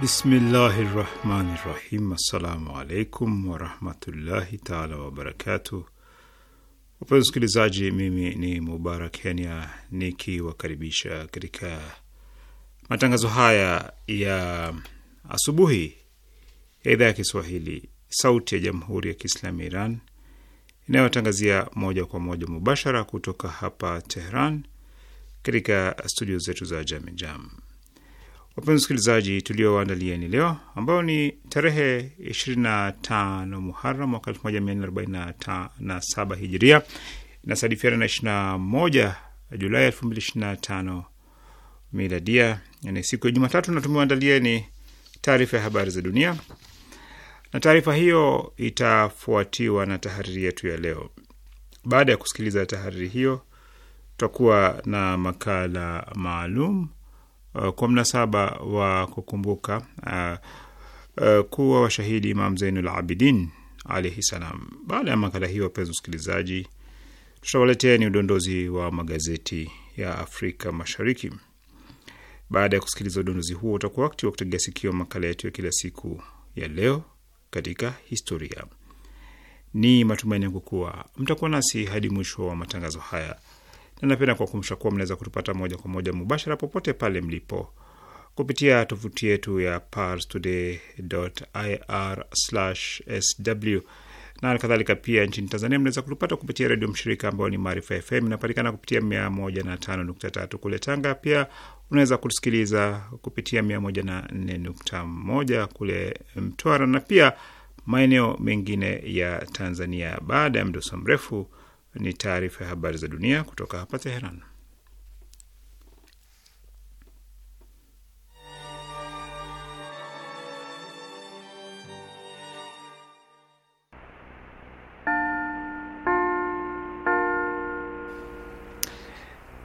Bismillahi rahmani rahim. Assalamu alaikum warahmatullahi taala wabarakatuh. Wapenzi wasikilizaji, mimi ni Mubarak Kenya nikiwakaribisha katika matangazo haya ya asubuhi ya idhaa ya Kiswahili sauti ya jamhuri ya Kiislamu ya Iran inayotangazia moja kwa moja mubashara kutoka hapa Tehran katika studio zetu za jamijam jam wapenzi wasikilizaji, tulioandalieni leo ambayo ni tarehe 25 Muharam mwaka 1447 Hijiria inasadifiana na 21 Julai 2025 Miladia, yani siku ya Jumatatu, na tumewaandalieni taarifa ya habari za dunia, na taarifa hiyo itafuatiwa na tahariri yetu ya leo. Baada ya kusikiliza tahariri hiyo, tutakuwa na makala maalum Eh, kwa mnasaba wa kukumbuka uh, uh, kuwa washahidi Imam Zainul Abidin alaihi salam. Baada ya makala hiyo, wapenzi msikilizaji, tutawaletea ni udondozi wa magazeti ya Afrika Mashariki. Baada ya kusikiliza udondozi huo, utakuwa wakati wa kutegea sikio makala yetu ya kila siku ya leo katika historia. Ni matumaini yangu kuwa mtakuwa nasi hadi mwisho wa matangazo haya na napenda kuwakumbusha kuwa mnaweza kutupata moja kwa moja mubashara popote pale mlipo kupitia tovuti yetu ya parstoday.ir/sw na kadhalika pia nchini Tanzania mnaweza kutupata kupitia redio mshirika ambayo ni Maarifa FM, inapatikana kupitia 105.3 kule Tanga. Pia unaweza kusikiliza kupitia 104.1 kule Mtwara na pia maeneo mengine ya Tanzania. Baada ya mdoso mrefu ni taarifa ya habari za dunia kutoka hapa Teheran.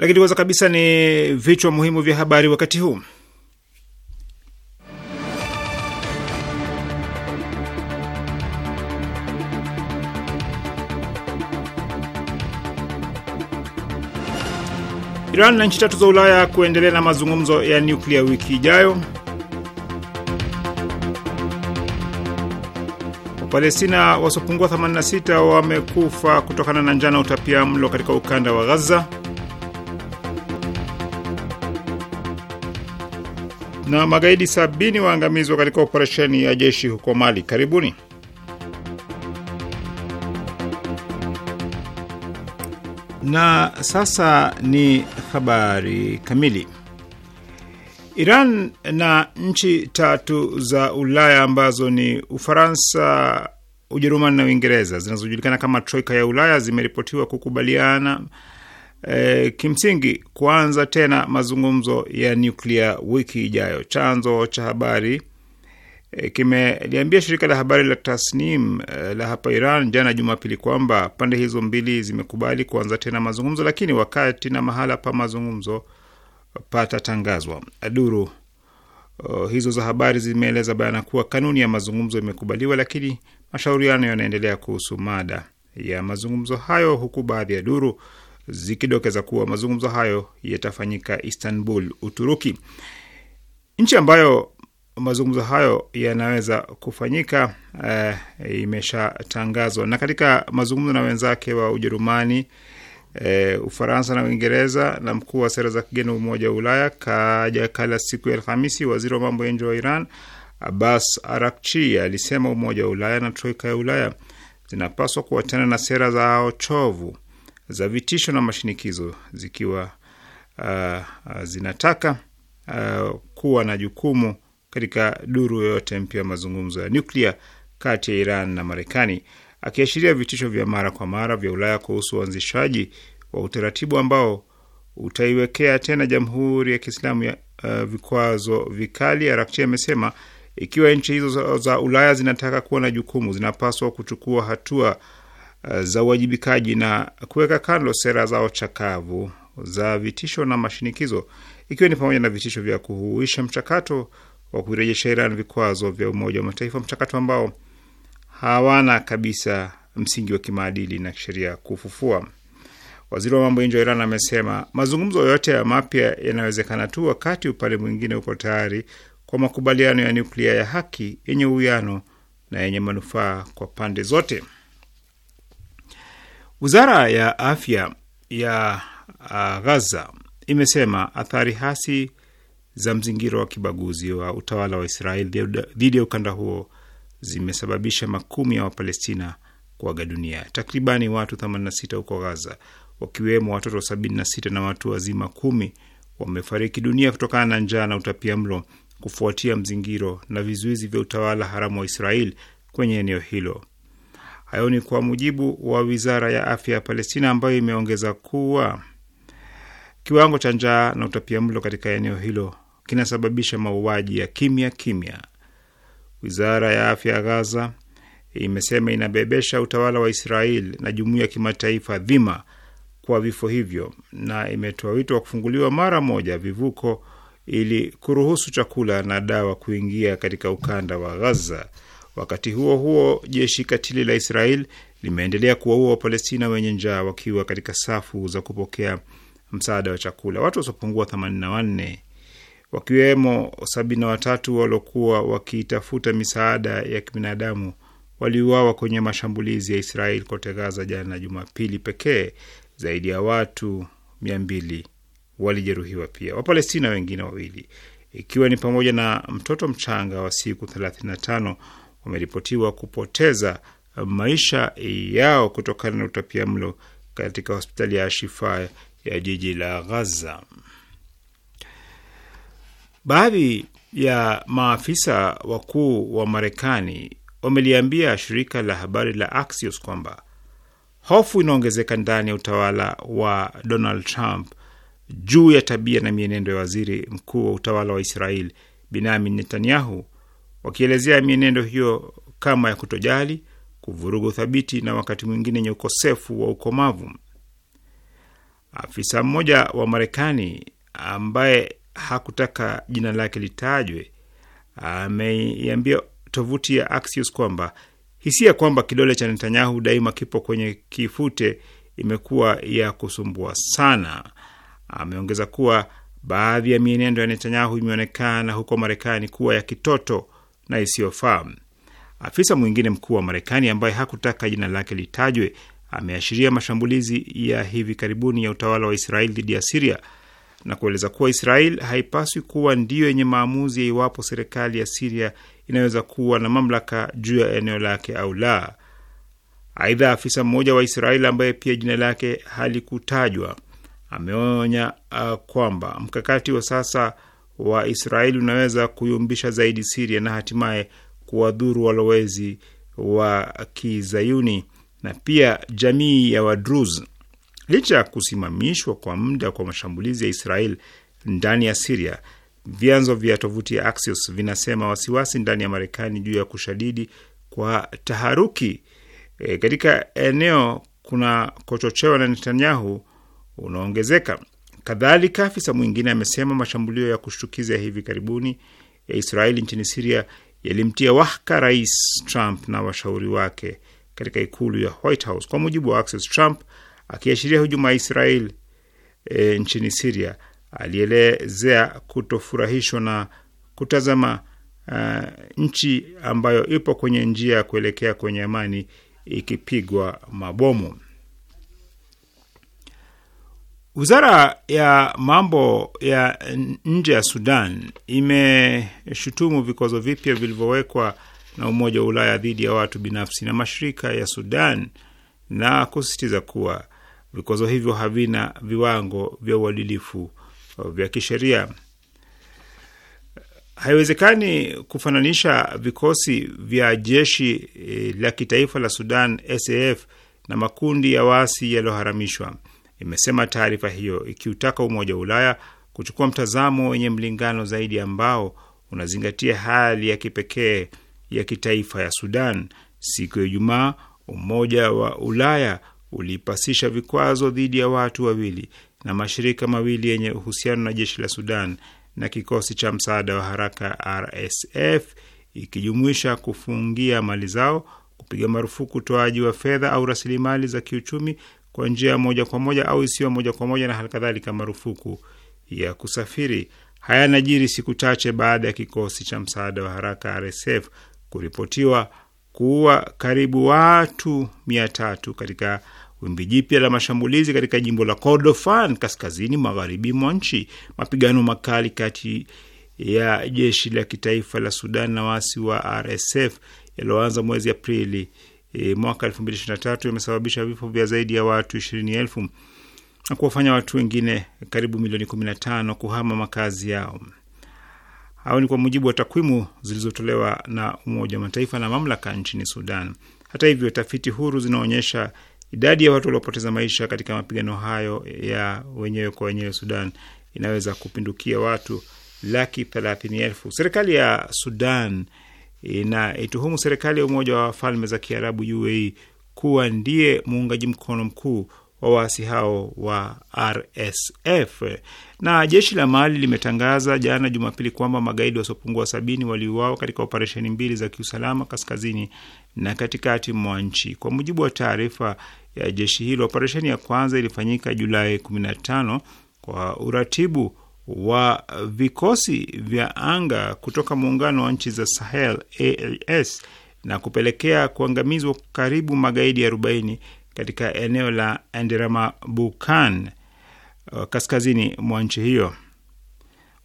Lakini kwanza kabisa ni vichwa muhimu vya habari wakati huu. Iran na nchi tatu za Ulaya kuendelea na mazungumzo ya nyuklia wiki ijayo. Wapalestina wasiopungua 86 wamekufa kutokana na njaa na utapia mlo katika ukanda wa ghaza na magaidi sabini waangamizwa katika operesheni ya jeshi huko Mali. Karibuni. Na sasa ni habari kamili. Iran na nchi tatu za Ulaya ambazo ni Ufaransa, Ujerumani na Uingereza zinazojulikana kama Troika ya Ulaya zimeripotiwa kukubaliana e, kimsingi kuanza tena mazungumzo ya nyuklia wiki ijayo. Chanzo cha habari e, kimeliambia shirika la habari la Tasnim e, la hapa Iran jana Jumapili kwamba pande hizo mbili zimekubali kuanza tena mazungumzo, lakini wakati na mahala pa mazungumzo patatangazwa. Duru uh, hizo za habari zimeeleza bayana kuwa kanuni ya mazungumzo imekubaliwa, lakini mashauriano yanaendelea kuhusu mada ya mazungumzo hayo, huku baadhi ya duru zikidokeza kuwa mazungumzo hayo yatafanyika Istanbul, Uturuki, nchi ambayo mazungumzo hayo yanaweza kufanyika eh, imeshatangazwa. Na katika mazungumzo na wenzake wa Ujerumani, eh, Ufaransa na Uingereza na mkuu wa sera za kigeni wa Umoja wa Ulaya Kaja Kala siku ya Alhamisi, waziri wa mambo ya nje wa Iran Abbas Arakchi alisema Umoja wa Ulaya na troika ya Ulaya zinapaswa kuachana na sera zao chovu za vitisho na mashinikizo zikiwa uh, uh, zinataka uh, kuwa na jukumu katika duru yoyote mpya mazungumzo ya nuklia kati ya Iran na Marekani, akiashiria vitisho vya mara kwa mara vya Ulaya kuhusu uanzishaji wa utaratibu ambao utaiwekea tena Jamhuri ya Kiislamu ya uh, vikwazo vikali. Arakchi amesema ikiwa nchi hizo za Ulaya zinataka kuwa na jukumu, zinapaswa kuchukua hatua Eh, za uwajibikaji na kuweka kando sera zao chakavu za vitisho na mashinikizo, ikiwa ni pamoja na vitisho vya kuhuisha mchakato wa kuirejesha Iran vikwazo vya Umoja wa Mataifa, mchakato ambao hawana kabisa msingi wa kimaadili na kisheria kufufua. Waziri wa mambo ya nje wa Iran amesema mazungumzo yote ya mapya yanawezekana tu wakati upande mwingine uko tayari kwa makubaliano ya nuklia ya haki yenye uwiano na yenye manufaa kwa pande zote. Wizara ya afya ya uh, Gaza imesema athari hasi za mzingiro wa kibaguzi wa utawala wa Israeli dhidi ya ukanda huo zimesababisha makumi ya Wapalestina kuaga dunia. Takribani watu 86 huko Gaza, wakiwemo watoto 76 na watu wazima kumi wamefariki dunia kutokana na njaa na utapia mlo kufuatia mzingiro na vizuizi vya utawala haramu wa Israeli kwenye eneo hilo. Hayo ni kwa mujibu wa wizara ya afya ya Palestina, ambayo imeongeza kuwa kiwango cha njaa na utapiamlo katika eneo hilo kinasababisha mauaji ya kimya kimya. Wizara ya afya ya Gaza imesema inabebesha utawala wa Israel na jumuiya ya kimataifa dhima kwa vifo hivyo, na imetoa wito wa kufunguliwa mara moja vivuko ili kuruhusu chakula na dawa kuingia katika ukanda wa Gaza. Wakati huo huo, jeshi katili la Israel limeendelea kuwaua Wapalestina wenye njaa wakiwa katika safu za kupokea msaada wa chakula. Watu wasiopungua 84 wakiwemo 73 waliokuwa wakitafuta misaada ya kibinadamu waliuawa kwenye mashambulizi ya Israel kote Gaza jana Jumapili pekee. Zaidi ya watu 200 walijeruhiwa pia, Wapalestina wengine wawili, ikiwa ni pamoja na mtoto mchanga wa siku 35 wameripotiwa kupoteza maisha yao kutokana na utapia mlo katika hospitali ya Shifa ya jiji la Gaza. Baadhi ya maafisa wakuu wa Marekani wameliambia shirika la habari la Axios kwamba hofu inaongezeka ndani ya utawala wa Donald Trump juu ya tabia na mienendo ya waziri mkuu wa utawala wa Israel Benjamin Netanyahu wakielezea mienendo hiyo kama ya kutojali, kuvuruga uthabiti na wakati mwingine yenye ukosefu wa ukomavu. Afisa mmoja wa Marekani ambaye hakutaka jina lake litajwe ameiambia tovuti ya Axios kwamba hisia kwamba kidole cha Netanyahu daima kipo kwenye kifute imekuwa ya kusumbua sana. Ameongeza kuwa baadhi ya mienendo ya Netanyahu imeonekana huko Marekani kuwa ya kitoto na isiyofaa. Afisa mwingine mkuu wa Marekani ambaye hakutaka jina lake litajwe ameashiria mashambulizi ya hivi karibuni ya utawala wa Israel dhidi ya Siria na kueleza kuwa Israel haipaswi kuwa ndiyo yenye maamuzi ya iwapo serikali ya Siria inaweza kuwa na mamlaka juu ya eneo lake au la. Aidha, afisa mmoja wa Israel ambaye pia jina lake halikutajwa ameonya uh, kwamba mkakati wa sasa wa Israeli unaweza kuyumbisha zaidi Siria na hatimaye kuwadhuru walowezi wa Kizayuni na pia jamii ya Wadruz. Licha ya kusimamishwa kwa muda kwa mashambulizi ya Israel ndani ya Siria, vyanzo vya tovuti ya Axios vinasema wasiwasi ndani ya Marekani juu ya kushadidi kwa taharuki e, katika eneo kuna kochochewa na Netanyahu unaongezeka. Kadhalika, afisa mwingine amesema mashambulio ya kushtukiza ya hivi karibuni ya Israeli nchini Siria yalimtia wahaka Rais Trump na washauri wake katika ikulu ya White House. Kwa mujibu wa Access, Trump akiashiria hujuma ya Israel e, nchini Siria alielezea kutofurahishwa na kutazama uh, nchi ambayo ipo kwenye njia ya kuelekea kwenye amani ikipigwa mabomu. Wizara ya mambo ya nje ya Sudan imeshutumu vikwazo vipya vilivyowekwa na Umoja wa Ulaya dhidi ya watu binafsi na mashirika ya Sudan na kusisitiza kuwa vikwazo hivyo havina viwango vya uadilifu vya kisheria. Haiwezekani kufananisha vikosi vya jeshi eh, la kitaifa la Sudan SAF na makundi ya waasi yaliyoharamishwa imesema taarifa hiyo ikiutaka Umoja wa Ulaya kuchukua mtazamo wenye mlingano zaidi ambao unazingatia hali ya kipekee ya kitaifa ya Sudan. Siku ya Ijumaa, Umoja wa Ulaya ulipasisha vikwazo dhidi ya watu wawili na mashirika mawili yenye uhusiano na jeshi la Sudan na kikosi cha msaada wa haraka RSF, ikijumuisha kufungia mali zao, kupiga marufuku utoaji wa fedha au rasilimali za kiuchumi, kwa njia moja kwa moja au isiyo moja kwa moja na halikadhalika marufuku ya kusafiri. Haya yanajiri siku chache baada ya kikosi cha msaada wa haraka RSF kuripotiwa kuua karibu watu mia tatu katika wimbi jipya la mashambulizi katika jimbo la Kordofan kaskazini magharibi mwa nchi. Mapigano makali kati ya jeshi la kitaifa la Sudan na waasi wa RSF yaliyoanza mwezi Aprili e, mwaka tatu imesababisha vifo vya zaidi ya watu elfu na kuwafanya watu wengine karibu milioni 15 kuhama makazi yao. au ni kwa mujibu wa takwimu zilizotolewa na Umoja wa Mataifa na mamlaka nchini Sudan. Hata hivyo, tafiti huru zinaonyesha idadi ya watu waliopoteza maisha katika mapigano hayo ya wenyewe kwa wenyewe Sudan inaweza kupindukia watu laki thelathini elfu. Serikali ya Sudan inaituhumu serikali ya Umoja wa Falme za Kiarabu UAE kuwa ndiye muungaji mkono mkuu wa waasi hao wa RSF. Na jeshi la Mali limetangaza jana Jumapili kwamba magaidi wasiopungua sabini waliuawa katika operesheni mbili za kiusalama kaskazini na katikati mwa nchi. Kwa mujibu wa taarifa ya jeshi hilo, operesheni ya kwanza ilifanyika Julai 15 kwa uratibu wa vikosi vya anga kutoka muungano wa nchi za Sahel ALS na kupelekea kuangamizwa karibu magaidi 40 katika eneo la Bukan uh, kaskazini mwa nchi hiyo.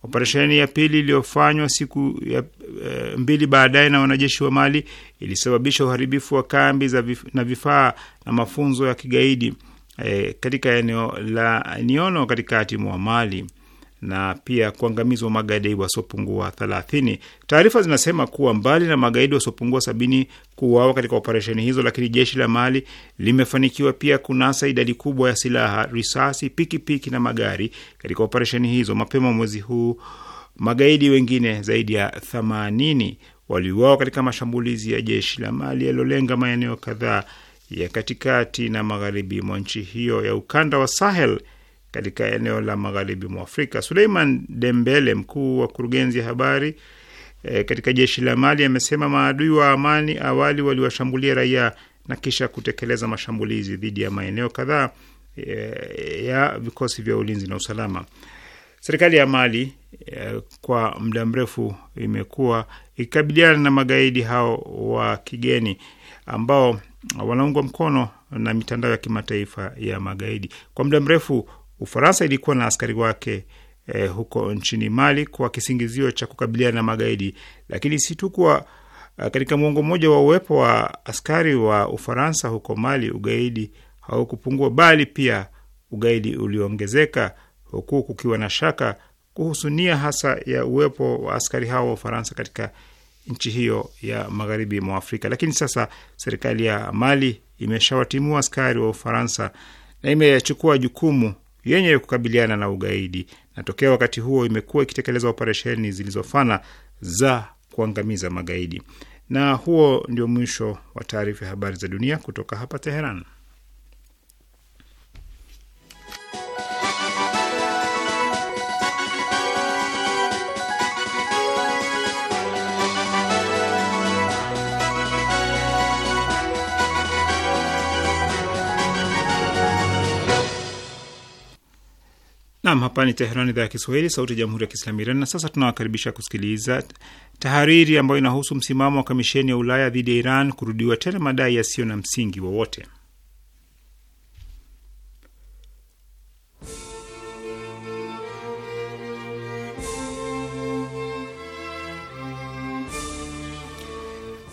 Operesheni ya pili iliyofanywa siku ya e, mbili baadaye na wanajeshi wa Mali ilisababisha uharibifu wa kambi za vif, na vifaa na mafunzo ya kigaidi e, katika eneo la Niono katikati mwa Mali na pia kuangamizwa magaidi wasiopungua thelathini. Taarifa zinasema kuwa mbali na magaidi wasiopungua sabini kuuawa katika operesheni hizo, lakini jeshi la Mali limefanikiwa pia kunasa idadi kubwa ya silaha, risasi, pikipiki piki na magari katika operesheni hizo. Mapema mwezi huu magaidi wengine zaidi ya themanini waliuawa katika mashambulizi ya jeshi la Mali yaliyolenga maeneo kadhaa ya katikati na magharibi mwa nchi hiyo ya ukanda wa Sahel katika eneo la magharibi mwa Afrika. Suleiman Dembele, mkuu wa kurugenzi ya habari e, katika jeshi la Mali, amesema maadui wa amani awali waliwashambulia raia na kisha kutekeleza mashambulizi dhidi ya maeneo kadhaa e, ya vikosi vya ulinzi na usalama. Serikali ya Mali e, kwa muda mrefu imekuwa ikikabiliana na magaidi hao wa kigeni ambao wanaungwa mkono na mitandao ya kimataifa ya magaidi. Kwa muda mrefu Ufaransa ilikuwa na askari wake eh, huko nchini Mali kwa kisingizio cha kukabiliana na magaidi, lakini si tu kuwa eh, katika mwongo mmoja wa uwepo wa askari wa Ufaransa huko Mali, ugaidi haukupungua, bali pia ugaidi uliongezeka, huku kukiwa na shaka kuhusu nia hasa ya uwepo wa askari hao wa Ufaransa katika nchi hiyo ya magharibi mwa Afrika. Lakini sasa serikali ya Mali imeshawatimua askari wa Ufaransa na imechukua jukumu yenye kukabiliana na ugaidi, na tokea wakati huo imekuwa ikitekeleza operesheni zilizofana za kuangamiza magaidi. Na huo ndio mwisho wa taarifa ya habari za dunia kutoka hapa Teheran. Nam, hapa ni Teherani, idhaa ya Kiswahili, sauti ya jamhuri ya kiislamu Iran. Na sasa tunawakaribisha kusikiliza tahariri ambayo inahusu msimamo wa kamisheni ya Ulaya dhidi ya Iran, kurudiwa tena madai yasiyo na msingi wowote.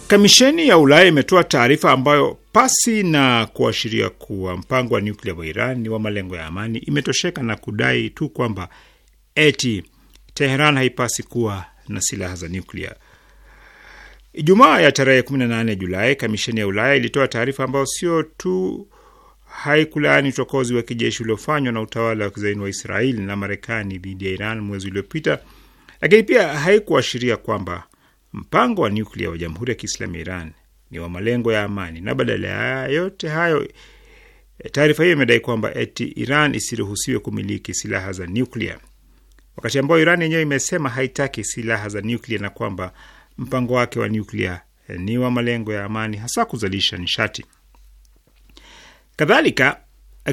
Kamisheni ya Ulaya imetoa taarifa ambayo pasi na kuashiria kuwa mpango wa nyuklia wa Iran ni wa malengo ya amani, imetosheka na kudai tu kwamba eti Teheran haipasi kuwa na silaha za nyuklia. Ijumaa ya tarehe 18 Julai, kamisheni ya Ulaya ilitoa taarifa ambayo sio tu haikulaani uchokozi wa kijeshi uliofanywa na utawala wa kizaini wa israel na Marekani dhidi ya Iran mwezi uliopita, lakini pia haikuashiria kwamba mpango wa nyuklia wa Jamhuri ya Kiislamu ya Iran ni wa malengo ya amani. Na badala ya yote hayo, eh, taarifa hiyo imedai kwamba eti Iran isiruhusiwe kumiliki silaha za nuklia, wakati ambao Iran yenyewe imesema haitaki silaha za nuklia na kwamba mpango wake wa nuklia eh, ni wa malengo ya amani, hasa kuzalisha nishati. Kadhalika,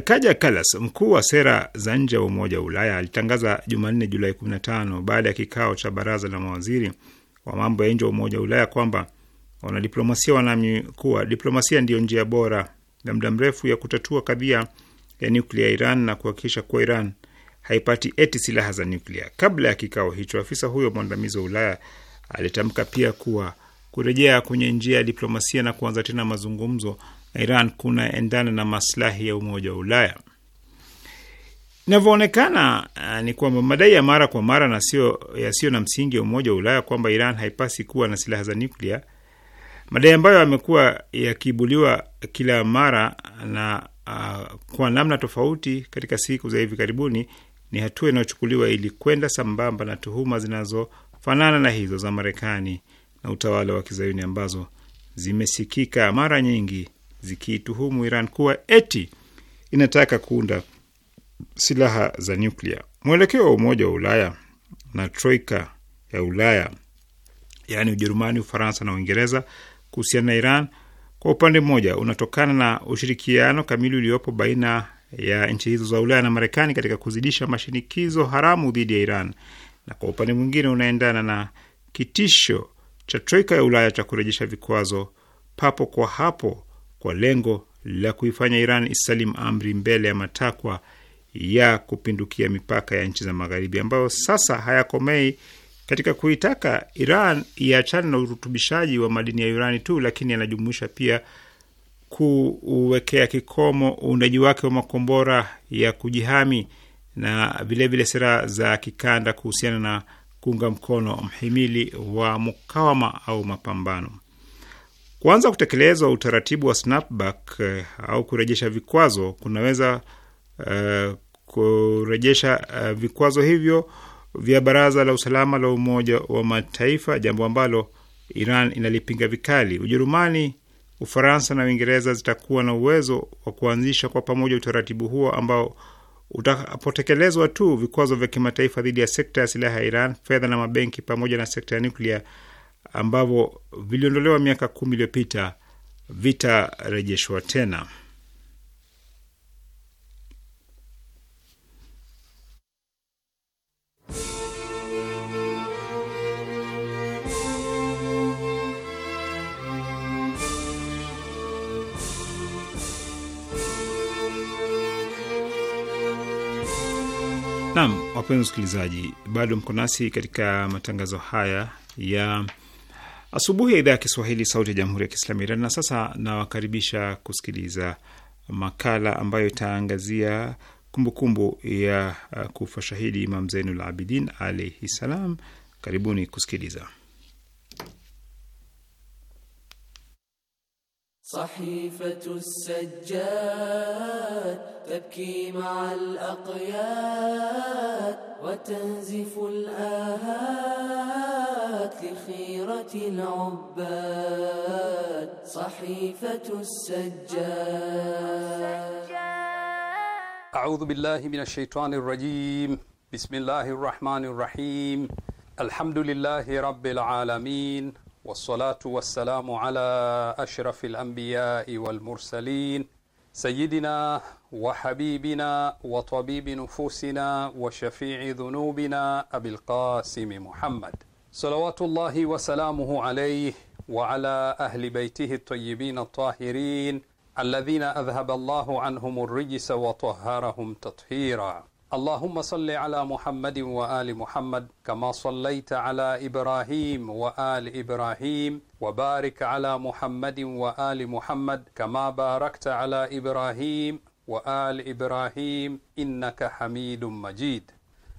Kaja Kallas, mkuu wa sera za nje wa Umoja wa Ulaya, alitangaza Jumanne, Julai 15 baada ya kikao cha baraza la mawaziri wa mambo ya nje wa Umoja wa Ulaya kwamba Wanadiplomasia wanaamini kuwa diplomasia ndiyo njia bora na muda mrefu ya kutatua kadhia ya nuklia ya Iran na kuhakikisha kuwa Iran haipati eti silaha za nuklia. Kabla ya kikao hicho, afisa huyo mwandamizi wa Ulaya alitamka pia kuwa kurejea kwenye njia ya diplomasia na kuanza tena mazungumzo na Iran kunaendana na maslahi ya Umoja wa Ulaya. Inavyoonekana eh, ni kwamba madai ya mara kwa mara na sio yasiyo na msingi ya Umoja wa Ulaya kwamba Iran haipasi kuwa na silaha za nuklia madai ambayo yamekuwa yakiibuliwa kila mara na uh, kwa namna tofauti katika siku za hivi karibuni ni hatua inayochukuliwa ili kwenda sambamba na tuhuma zinazofanana na hizo za Marekani na utawala wa kizayuni ambazo zimesikika mara nyingi zikiituhumu Iran kuwa eti inataka kuunda silaha za nyuklia. Mwelekeo wa Umoja wa Ulaya na troika ya Ulaya yaani Ujerumani, Ufaransa na Uingereza kuhusiana na Iran kwa upande mmoja unatokana na ushirikiano kamili uliopo baina ya nchi hizo za Ulaya na Marekani katika kuzidisha mashinikizo haramu dhidi ya Iran, na kwa upande mwingine unaendana na kitisho cha troika ya Ulaya cha kurejesha vikwazo papo kwa hapo kwa lengo la kuifanya Iran isalim amri mbele ya matakwa ya kupindukia mipaka ya nchi za Magharibi ambayo sasa hayakomei katika kuitaka Iran iachane na urutubishaji wa madini ya urani tu, lakini anajumuisha pia kuwekea kikomo uundaji wake wa makombora ya kujihami na vilevile vile sera za kikanda kuhusiana na kuunga mkono mhimili wa mukawama au mapambano. Kuanza kutekelezwa utaratibu wa snapback eh, au kurejesha vikwazo kunaweza uh, kurejesha uh, vikwazo hivyo vya Baraza la Usalama la Umoja wa Mataifa, jambo ambalo Iran inalipinga vikali. Ujerumani, Ufaransa na Uingereza zitakuwa na uwezo wa kuanzisha kwa pamoja utaratibu huo ambao utapotekelezwa tu vikwazo vya kimataifa dhidi ya sekta ya silaha ya Iran, fedha na mabenki, pamoja na sekta ya nuklia ambavyo viliondolewa miaka kumi iliyopita vitarejeshwa tena. Naam, wapenzi wasikilizaji, bado mko nasi katika matangazo haya ya asubuhi ya idhaa ya Kiswahili sauti ya jamhuri ya kiislamu Iran. Na sasa nawakaribisha kusikiliza makala ambayo itaangazia kumbukumbu ya kufa shahidi Imam Zainul Abidin alaihi salam. Karibuni kusikiliza. صحيفة السجاد تبكي مع الأقياد وتنزف الآهات لخيرة العباد صحيفة السجاد أعوذ بالله من الشيطان الرجيم بسم الله الرحمن الرحيم الحمد لله رب العالمين والصلاة والسلام على أشرف الأنبياء والمرسلين سيدنا وحبيبنا وطبيب نفوسنا وشفيع ذنوبنا أبي القاسم محمد صلوات الله وسلامه عليه وعلى أهل بيته الطيبين الطاهرين الذين أذهب الله عنهم الرجس وطهرهم تطهيرا Allahumma salli ala Muhammadin wa ali Muhammad kama sallaita ala Ibrahim wa ali Ibrahim wa barik ala Muhammadin wa ali Muhammad kama barakta ala Ibrahim wa ali Ibrahim innaka Hamidum Majid.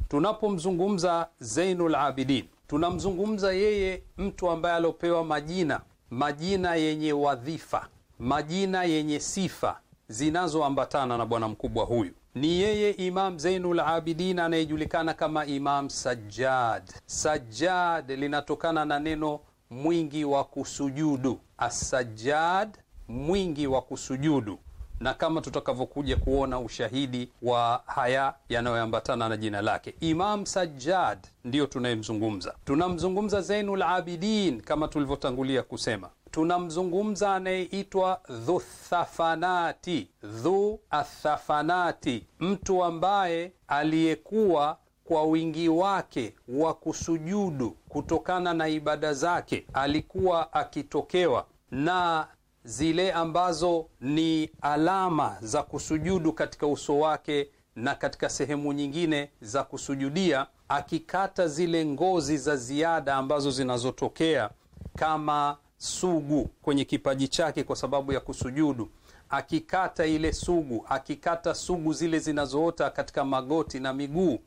Tunapomzungumza Zainul Abidin, tunamzungumza yeye mtu ambaye aliopewa majina, majina yenye wadhifa, majina yenye sifa zinazoambatana na bwana mkubwa huyu ni yeye Imam Zainul Abidin anayejulikana kama Imam Sajjad. Sajjad linatokana na neno mwingi wa kusujudu, asajjad, mwingi wa kusujudu, na kama tutakavyokuja kuona ushahidi wa haya yanayoambatana na jina lake Imam Sajjad, ndiyo tunayemzungumza. Tunamzungumza Zainul Abidin kama tulivyotangulia kusema tunamzungumza anayeitwa dhuthafanati, dhu athafanati, mtu ambaye aliyekuwa kwa wingi wake wa kusujudu kutokana na ibada zake alikuwa akitokewa na zile ambazo ni alama za kusujudu katika uso wake na katika sehemu nyingine za kusujudia, akikata zile ngozi za ziada ambazo zinazotokea kama sugu kwenye kipaji chake kwa sababu ya kusujudu, akikata ile sugu, akikata sugu zile zinazoota katika magoti na miguu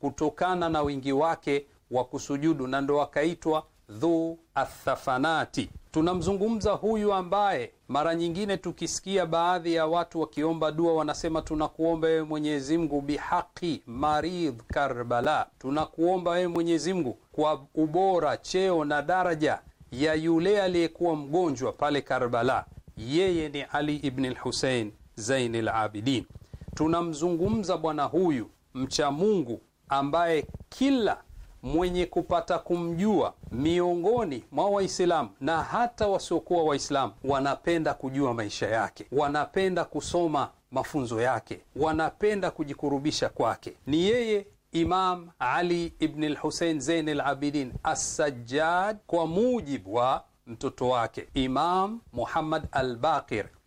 kutokana na wingi wake wa kusujudu, na ndo akaitwa dhu athafanati. Tunamzungumza huyu ambaye mara nyingine tukisikia baadhi ya watu wakiomba dua wanasema, tunakuomba wewe mwenyezimgu bihaqi maridh Karbala, tunakuomba wewe mwenyezimgu kwa ubora, cheo na daraja ya yule aliyekuwa mgonjwa pale Karbala, yeye ni Ali ibn al Zain al Tunamzungumza bwana huyu mcha Mungu ambaye kila mwenye kupata kumjua miongoni mwa Waislamu na hata wasiokuwa Waislamu wanapenda kujua maisha yake, wanapenda kusoma mafunzo yake, wanapenda kujikurubisha kwake. Ni yeye Imam Ali ibn al zein Zain al kwa mujibu wa mtoto wake Imam Muhammad al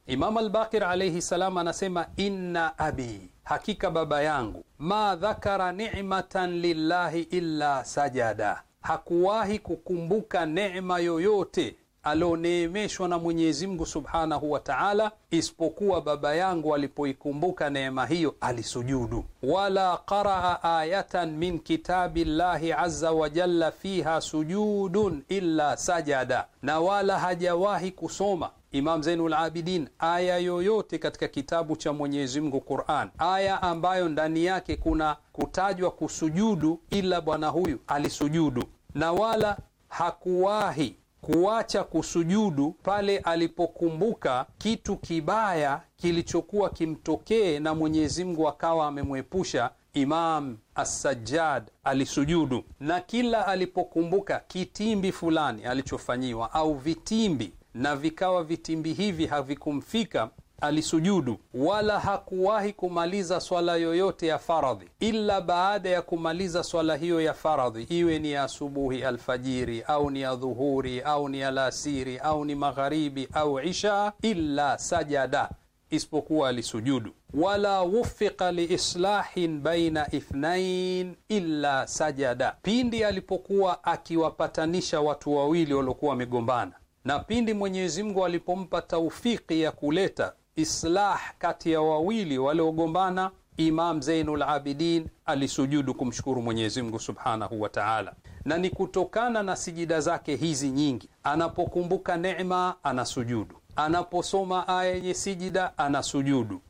Imam al-Baqir salam anasema inna abi, hakika baba yangu, ma dhakara ni'matan lillahi illa sajada, hakuwahi kukumbuka neema yoyote alioneemeshwa na Mwenyezi Mungu subhanahu wa taala, isipokuwa baba yangu alipoikumbuka neema hiyo alisujudu. Wala qaraa ayatan min kitabi llahi azza wa jalla fiha sujudun illa sajada, na wala hajawahi kusoma Imam Zainul Abidin aya yoyote katika kitabu cha Mwenyezi Mungu Quran, aya ambayo ndani yake kuna kutajwa kusujudu, ila bwana huyu alisujudu, na wala hakuwahi kuacha kusujudu pale alipokumbuka kitu kibaya kilichokuwa kimtokee na Mwenyezi Mungu akawa amemwepusha. Imam Assajjad alisujudu, na kila alipokumbuka kitimbi fulani alichofanyiwa au vitimbi, na vikawa vitimbi hivi havikumfika alisujudu wala hakuwahi kumaliza swala yoyote ya faradhi ila baada ya kumaliza swala hiyo ya faradhi, iwe ni ya asubuhi alfajiri, au ni ya dhuhuri, au ni alasiri, au ni magharibi au isha, ila sajada, isipokuwa alisujudu. Wala wufiqa liislahin baina ithnain illa sajada, pindi alipokuwa akiwapatanisha watu wawili waliokuwa wamegombana na pindi Mwenyezi Mungu alipompa taufiki ya kuleta islah kati ya wawili waliogombana, Imam Zainul Abidin alisujudu kumshukuru Mwenyezi Mungu subhanahu wa taala, na ni kutokana na sijida zake hizi nyingi. Anapokumbuka neema anasujudu, anaposoma aya yenye sijida anasujudu,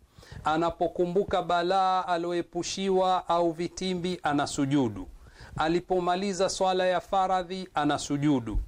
anapokumbuka balaa aliyoepushiwa au vitimbi anasujudu, alipomaliza swala ya faradhi anasujudu,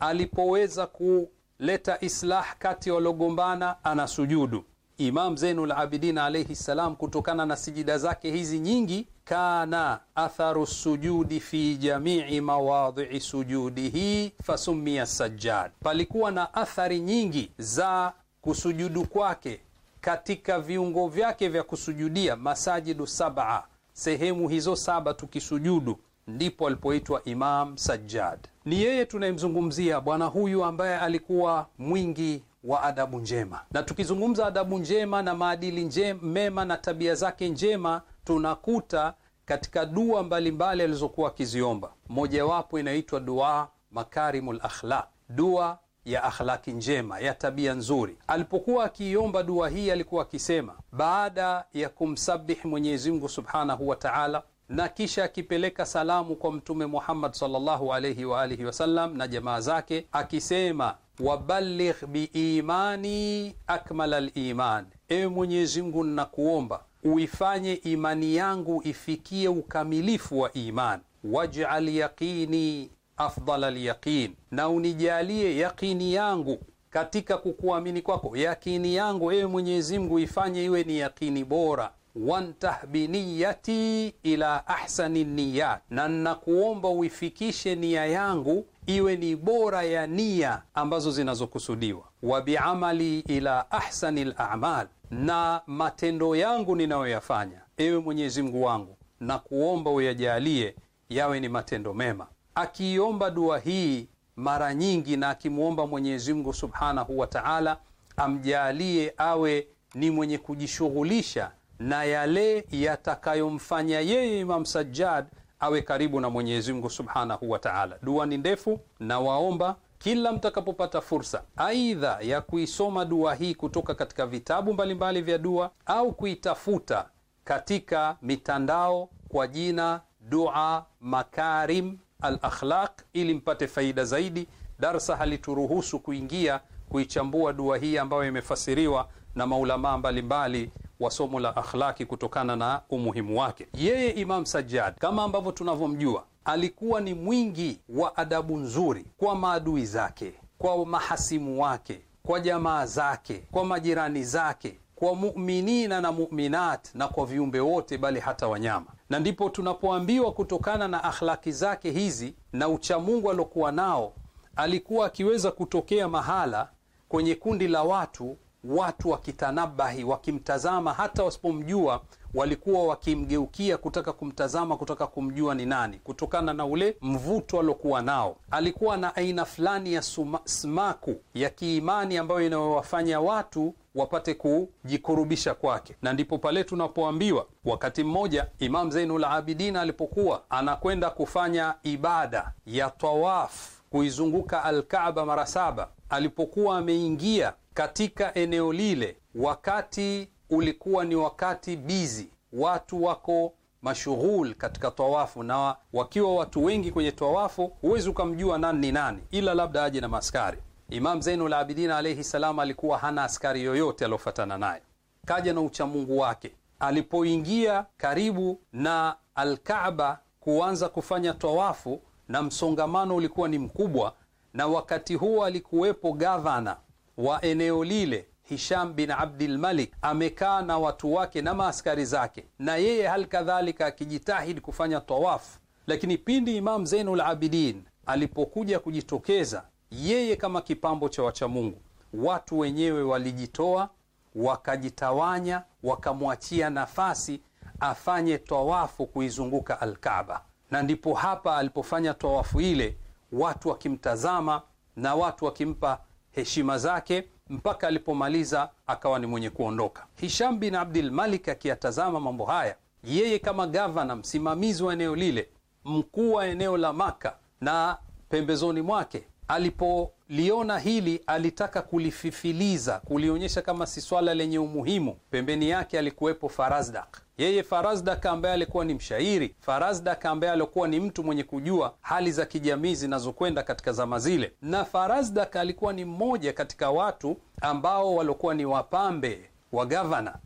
alipoweza ku leta islah kati waliogombana, sujudu Imam Zainul Abidin alaihi ssalam kutokana na sijida zake hizi nyingi, kana atharu sujudi fi jamii mawadhii sujudihi fasummiya Sajjad, palikuwa na athari nyingi za kusujudu kwake katika viungo vyake vya kusujudia, masajidu sab'a, sehemu hizo saba tukisujudu ndipo alipoitwa Imam Sajjad. Ni yeye tunayemzungumzia bwana huyu ambaye alikuwa mwingi wa adabu njema, na tukizungumza adabu njema na maadili njema, mema na tabia zake njema tunakuta katika dua mbalimbali alizokuwa akiziomba, mojawapo inaitwa dua makarimul akhlaq, dua ya akhlaki njema ya tabia nzuri. Alipokuwa akiiomba dua hii, alikuwa akisema baada ya kumsabihi Mwenyezi Mungu subhanahu wa taala na kisha akipeleka salamu kwa Mtume Muhammad sallallahu alayhi wa alihi wasallam na jamaa zake akisema, wabaligh biimani akmal liman, ewe Mwenyezi Mungu nnakuomba uifanye imani yangu ifikie ukamilifu wa iman, waj'al yaqini afdala lyaqin, na unijalie yaqini yangu katika kukuamini kwako, yaqini yangu ewe Mwenyezi Mungu ifanye iwe ni yaqini bora wantahbiniyati ila ahsani niyat, na nnakuomba uifikishe nia yangu iwe ni bora ya nia ambazo zinazokusudiwa. Wa biamali ila ahsani lamal, na matendo yangu ninayoyafanya, ewe Mwenyezi Mungu wangu, na kuomba uyajalie yawe ni matendo mema. Akiiomba dua hii mara nyingi na akimwomba Mwenyezi Mungu subhanahu wa taala amjalie awe ni mwenye kujishughulisha na yale yatakayomfanya yeye Imam Sajjad awe karibu na Mwenyezi Mungu Subhanahu wa Ta'ala. Dua ni ndefu na waomba kila mtakapopata fursa aidha ya kuisoma dua hii kutoka katika vitabu mbalimbali vya dua au kuitafuta katika mitandao kwa jina Dua Makarim al Akhlaq ili mpate faida zaidi. Darsa halituruhusu kuingia kuichambua dua hii ambayo imefasiriwa na maulamaa mbalimbali wa somo la akhlaki kutokana na umuhimu wake. Yeye Imam Sajjad kama ambavyo tunavyomjua, alikuwa ni mwingi wa adabu nzuri kwa maadui zake, kwa mahasimu wake, kwa jamaa zake, kwa majirani zake, kwa muminina na muminat, na kwa viumbe wote, bali hata wanyama. Na ndipo tunapoambiwa kutokana na akhlaki zake hizi na uchamungu aliokuwa nao, alikuwa akiweza kutokea mahala kwenye kundi la watu watu wakitanabahi, wakimtazama, hata wasipomjua walikuwa wakimgeukia kutaka kumtazama, kutaka kumjua ni nani, kutokana na ule mvuto aliokuwa nao. Alikuwa na aina fulani ya suma, smaku ya kiimani ambayo inayowafanya watu wapate kujikurubisha kwake, na ndipo pale tunapoambiwa wakati mmoja Imam Zainul Abidin alipokuwa anakwenda kufanya ibada ya tawaf kuizunguka alkaba mara saba, alipokuwa ameingia katika eneo lile, wakati ulikuwa ni wakati bizi, watu wako mashughul katika tawafu, na wakiwa watu wengi kwenye tawafu huwezi ukamjua nani ni nani, ila labda aje na maaskari. Imam Zainul Abidin alaihi salam alikuwa hana askari yoyote aliofatana naye, kaja na uchamungu wake. Alipoingia karibu na Alkaaba kuanza kufanya tawafu, na msongamano ulikuwa ni mkubwa, na wakati huo alikuwepo gavana wa eneo lile Hisham bin Abdilmalik amekaa na watu wake na maaskari zake, na yeye hal kadhalika akijitahidi kufanya tawafu. Lakini pindi Imam Zainul Abidin alipokuja kujitokeza yeye kama kipambo cha wachamungu, watu wenyewe walijitoa wakajitawanya, wakamwachia nafasi afanye tawafu kuizunguka Alkaaba, na ndipo hapa alipofanya tawafu ile, watu wakimtazama na watu wakimpa heshima zake mpaka alipomaliza akawa ni mwenye kuondoka. Hisham bin Abdul Malik akiyatazama mambo haya, yeye kama gavana, msimamizi wa eneo lile, mkuu wa eneo la Maka na pembezoni mwake, alipoliona hili alitaka kulififiliza, kulionyesha kama si swala lenye umuhimu. Pembeni yake alikuwepo Farazdak yeye farazdak ambaye alikuwa ni mshairi, farazdak ambaye alikuwa ni mtu mwenye kujua hali za kijamii zinazokwenda katika zama zile, na farazdak alikuwa ni mmoja katika watu ambao waliokuwa ni wapambe wa gavana.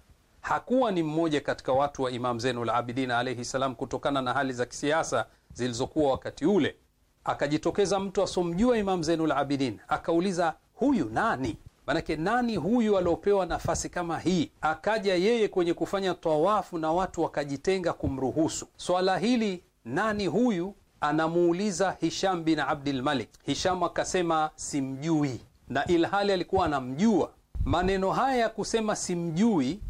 Hakuwa ni mmoja katika watu wa Imam Zenul Abidin alaihi salam, kutokana na hali za kisiasa zilizokuwa wakati ule. Akajitokeza mtu asomjua Imam Zenul Abidin, akauliza huyu nani? Manake nani huyu aliopewa nafasi kama hii, akaja yeye kwenye kufanya tawafu na watu wakajitenga kumruhusu swala hili? Nani huyu? Anamuuliza Hisham bin Abdilmalik. Hisham akasema simjui, na ilhali alikuwa anamjua. Maneno haya ya kusema simjui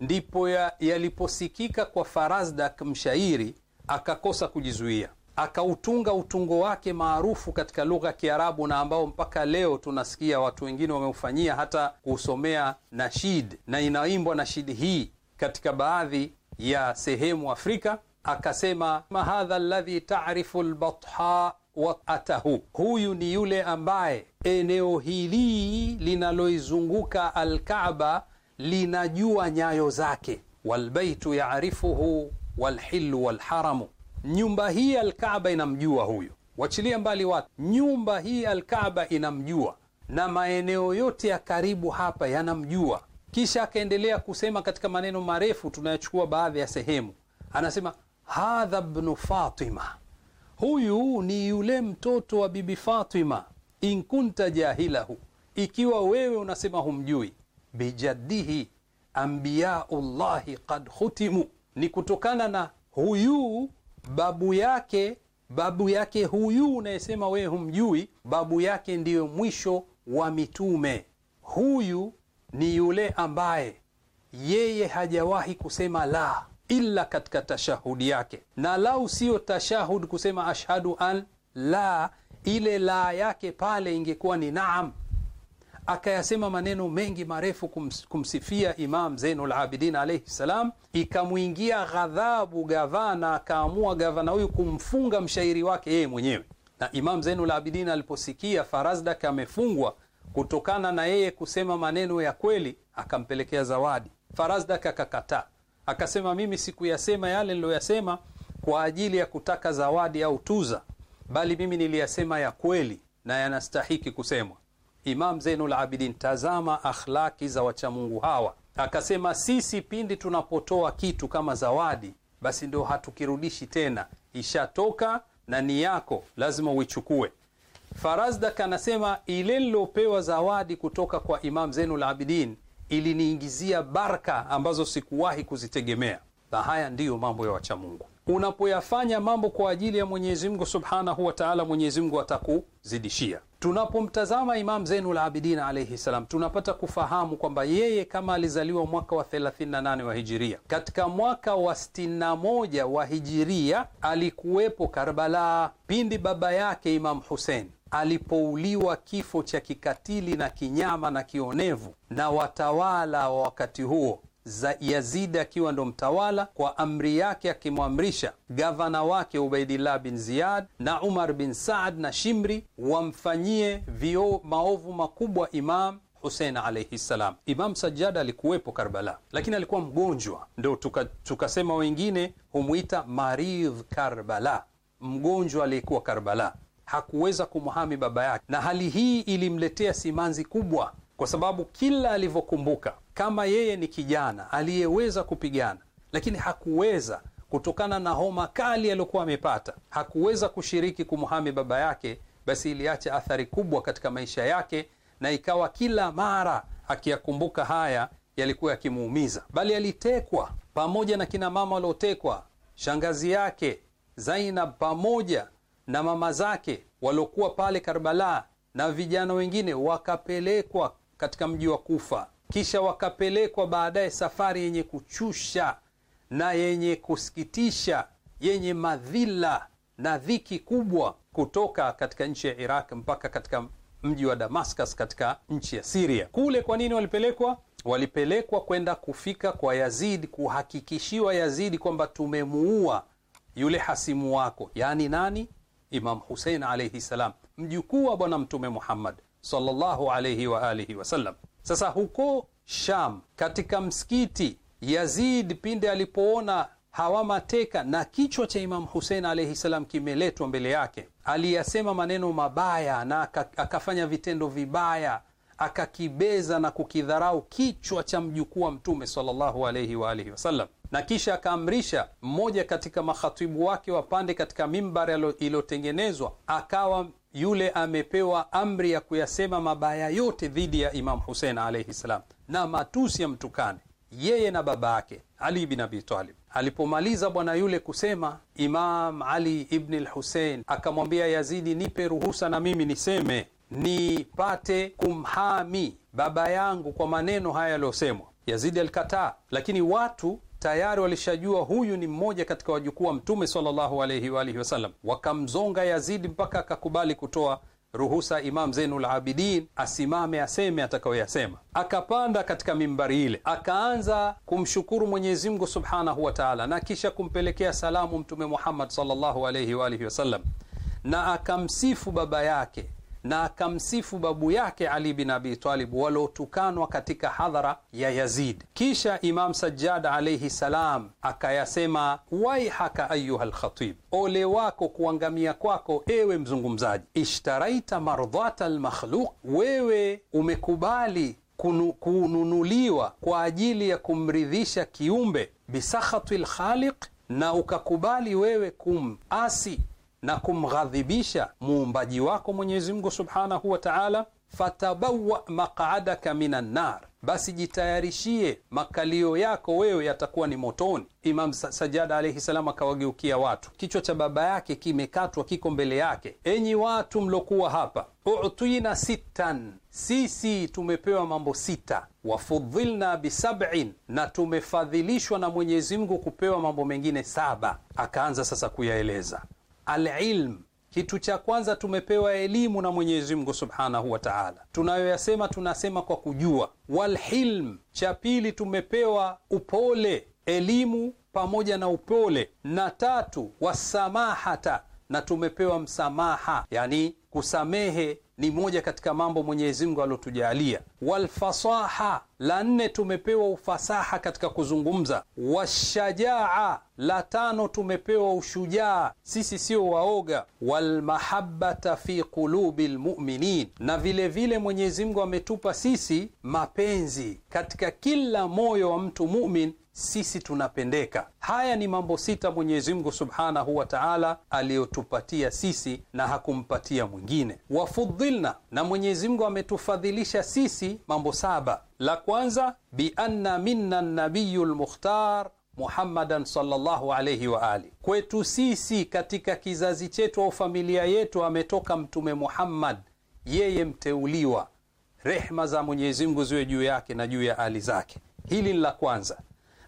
ndipo yaliposikika ya kwa Farazdak, mshairi, akakosa kujizuia akautunga utungo wake maarufu katika lugha ya Kiarabu na ambao mpaka leo tunasikia watu wengine wameufanyia hata kusomea nashid, na inaimbwa nashid hii katika baadhi ya sehemu Afrika. Akasema, mahadha ladhi tarifu lbatha wa atahu, huyu ni yule ambaye eneo hili linaloizunguka alkaba linajua nyayo zake. Walbaitu yarifuhu walhilu walharamu nyumba hii Alkaaba inamjua huyu, wachilia mbali watu, nyumba hii Alkaaba inamjua na maeneo yote ya karibu hapa yanamjua. Kisha akaendelea kusema katika maneno marefu, tunayochukua baadhi ya sehemu. Anasema hadha bnu Fatima, huyu ni yule mtoto wa bibi Fatima. In kunta jahilahu, ikiwa wewe unasema humjui. Bijaddihi ambiyaullahi qad khutimu, ni kutokana na huyu babu yake babu yake huyu unayesema wewe humjui, babu yake ndiyo mwisho wa mitume. Huyu ni yule ambaye yeye hajawahi kusema la illa katika tashahudi yake, na lau siyo tashahud kusema ashhadu an la, ile la yake pale ingekuwa ni naam akayasema maneno mengi marefu kums, kumsifia Imam Zainul Abidin alayhi salam, ikamwingia ghadhabu gavana, akaamua gavana huyu kumfunga mshairi wake yeye mwenyewe. Na Imam Zainul Abidin aliposikia Farazdak amefungwa kutokana na yeye kusema maneno ya kweli, akampelekea zawadi. Farazdak akakataa, akasema mimi sikuyasema yale niloyasema kwa ajili ya kutaka zawadi au tuza, bali mimi niliyasema ya kweli na yanastahiki kusemwa. Imam Zainul Abidin, tazama akhlaki za wachamungu hawa. Akasema sisi pindi tunapotoa kitu kama zawadi, basi ndio hatukirudishi tena, ishatoka na ni yako, lazima uichukue. Farazdak anasema ile nilopewa zawadi kutoka kwa Imam Zainul Abidin iliniingizia baraka ambazo sikuwahi kuzitegemea, na haya ndiyo mambo ya wachamungu. Unapoyafanya mambo kwa ajili ya Mwenyezi Mungu subhanahu wa taala, Mwenyezi Mungu atakuzidishia. Tunapomtazama Imam Zenul Abidin alaihi salam, tunapata kufahamu kwamba yeye kama alizaliwa mwaka wa 38 wa hijiria, katika mwaka wa 61 wa hijiria alikuwepo Karbala pindi baba yake Imam husen alipouliwa kifo cha kikatili na kinyama na kionevu na watawala wa wakati huo za Yazidi akiwa ndo mtawala, kwa amri yake akimwamrisha gavana wake Ubaidillah bin Ziyad na Umar bin Saad na Shimri wamfanyie vio maovu makubwa Imam Husein alaihi salam. Imam Sajjad alikuwepo Karbala, lakini alikuwa mgonjwa, ndo tukasema tuka wengine humwita maridh Karbala, mgonjwa aliyekuwa Karbala, hakuweza kumhami baba yake, na hali hii ilimletea simanzi kubwa kwa sababu kila alivyokumbuka kama yeye ni kijana aliyeweza kupigana, lakini hakuweza kutokana na homa kali aliyokuwa amepata, hakuweza kushiriki kumhami baba yake, basi iliacha athari kubwa katika maisha yake, na ikawa kila mara akiyakumbuka haya yalikuwa yakimuumiza. Bali alitekwa pamoja na kina mama waliotekwa, shangazi yake Zainab pamoja na mama zake waliokuwa pale Karbala na vijana wengine wakapelekwa katika mji wa Kufa, kisha wakapelekwa baadaye safari yenye kuchusha na yenye kusikitisha, yenye madhila na dhiki kubwa, kutoka katika nchi ya Iraq mpaka katika mji wa Damascus katika nchi ya Siria kule. Kwa nini walipelekwa? Walipelekwa kwenda kufika kwa Yazidi, kuhakikishiwa Yazidi kwamba tumemuua yule hasimu wako, yaani nani? Imam Husein alaihi salam, mjukuu wa Bwana Mtume Muhammad sallallahu alayhi wa alihi wasallam. Sasa huko Sham, katika msikiti Yazid, pinde alipoona hawa mateka na kichwa cha Imam Husein alayhi salam kimeletwa mbele yake, aliyasema maneno mabaya na akafanya vitendo vibaya, akakibeza na kukidharau kichwa cha mjukuu wa Mtume sallallahu alayhi wa alihi wasallam, na kisha akaamrisha mmoja katika makhatibu wake wapande katika mimbari iliyotengenezwa, akawa yule amepewa amri ya kuyasema mabaya yote dhidi ya Imam Husein alaihi ssalam, na matusi yamtukane yeye na baba yake Ali bin Abi Talib. Alipomaliza bwana yule kusema, Imam Ali ibni Lhusein husein akamwambia Yazidi, nipe ruhusa na mimi niseme, nipate kumhami baba yangu kwa maneno haya yaliyosemwa. Yazidi alikataa, lakini watu tayari walishajua huyu ni mmoja katika wajukuu wa Mtume sallallahu wa alihi wasallam, wakamzonga Yazidi mpaka akakubali kutoa ruhusa Imam Zainul Abidin asimame aseme atakayoyasema. Akapanda katika mimbari ile, akaanza kumshukuru Mwenyezi Mungu subhanahu wa taala, na kisha kumpelekea salamu Mtume Muhammad sallallahu wa alihi wasallam, na akamsifu baba yake na akamsifu babu yake Ali bin Abi Talib walotukanwa katika hadhara ya Yazid. Kisha Imam Sajjad alaihi salam akayasema, waihaka ayuha lkhatib, ole wako kuangamia kwako ewe mzungumzaji. Ishtaraita mardhata lmakhluq, wewe umekubali kunu, kununuliwa kwa ajili ya kumridhisha kiumbe bisakhati lkhaliq, na ukakubali wewe kumasi na kumghadhibisha muumbaji wako Mwenyezi Mungu subhanahu wa taala, fatabawa maqadaka minan nar, basi jitayarishie makalio yako wewe yatakuwa ni motoni. Imam Sajada alaihi salam akawageukia watu, kichwa cha baba yake kimekatwa, kiko mbele yake. Enyi watu mlokuwa hapa, utina sittan, sisi tumepewa mambo sita, wafudhilna bisab'in, na tumefadhilishwa na Mwenyezi Mungu kupewa mambo mengine saba. Akaanza sasa kuyaeleza alilm kitu cha kwanza tumepewa elimu na Mwenyezi Mungu Subhanahu wa Ta'ala, tunayoyasema tunasema kwa kujua. Walhilm, cha pili tumepewa upole, elimu pamoja na upole, na tatu wasamahata, na tumepewa msamaha yani kusamehe ni moja katika mambo Mwenyezi Mungu aliotujalia. Walfasaha, la nne tumepewa ufasaha katika kuzungumza. Washajaa, la tano tumepewa ushujaa, sisi sio waoga. Walmahabbata fi qulubi lmuminin, na vilevile Mwenyezi Mungu ametupa sisi mapenzi katika kila moyo wa mtu mumin sisi tunapendeka. Haya ni mambo sita Mwenyezi Mungu subhanahu wa taala aliyotupatia sisi na hakumpatia mwingine. Wafudhilna, na Mwenyezi Mungu ametufadhilisha sisi mambo saba. La kwanza, bianna minna nabiyu lmukhtar Muhammadan sallallahu alayhi wa ali, kwetu sisi katika kizazi chetu au familia yetu ametoka Mtume Muhammad, yeye mteuliwa, rehma za Mwenyezi Mungu ziwe juu yake na juu ya ali zake. Hili ni la kwanza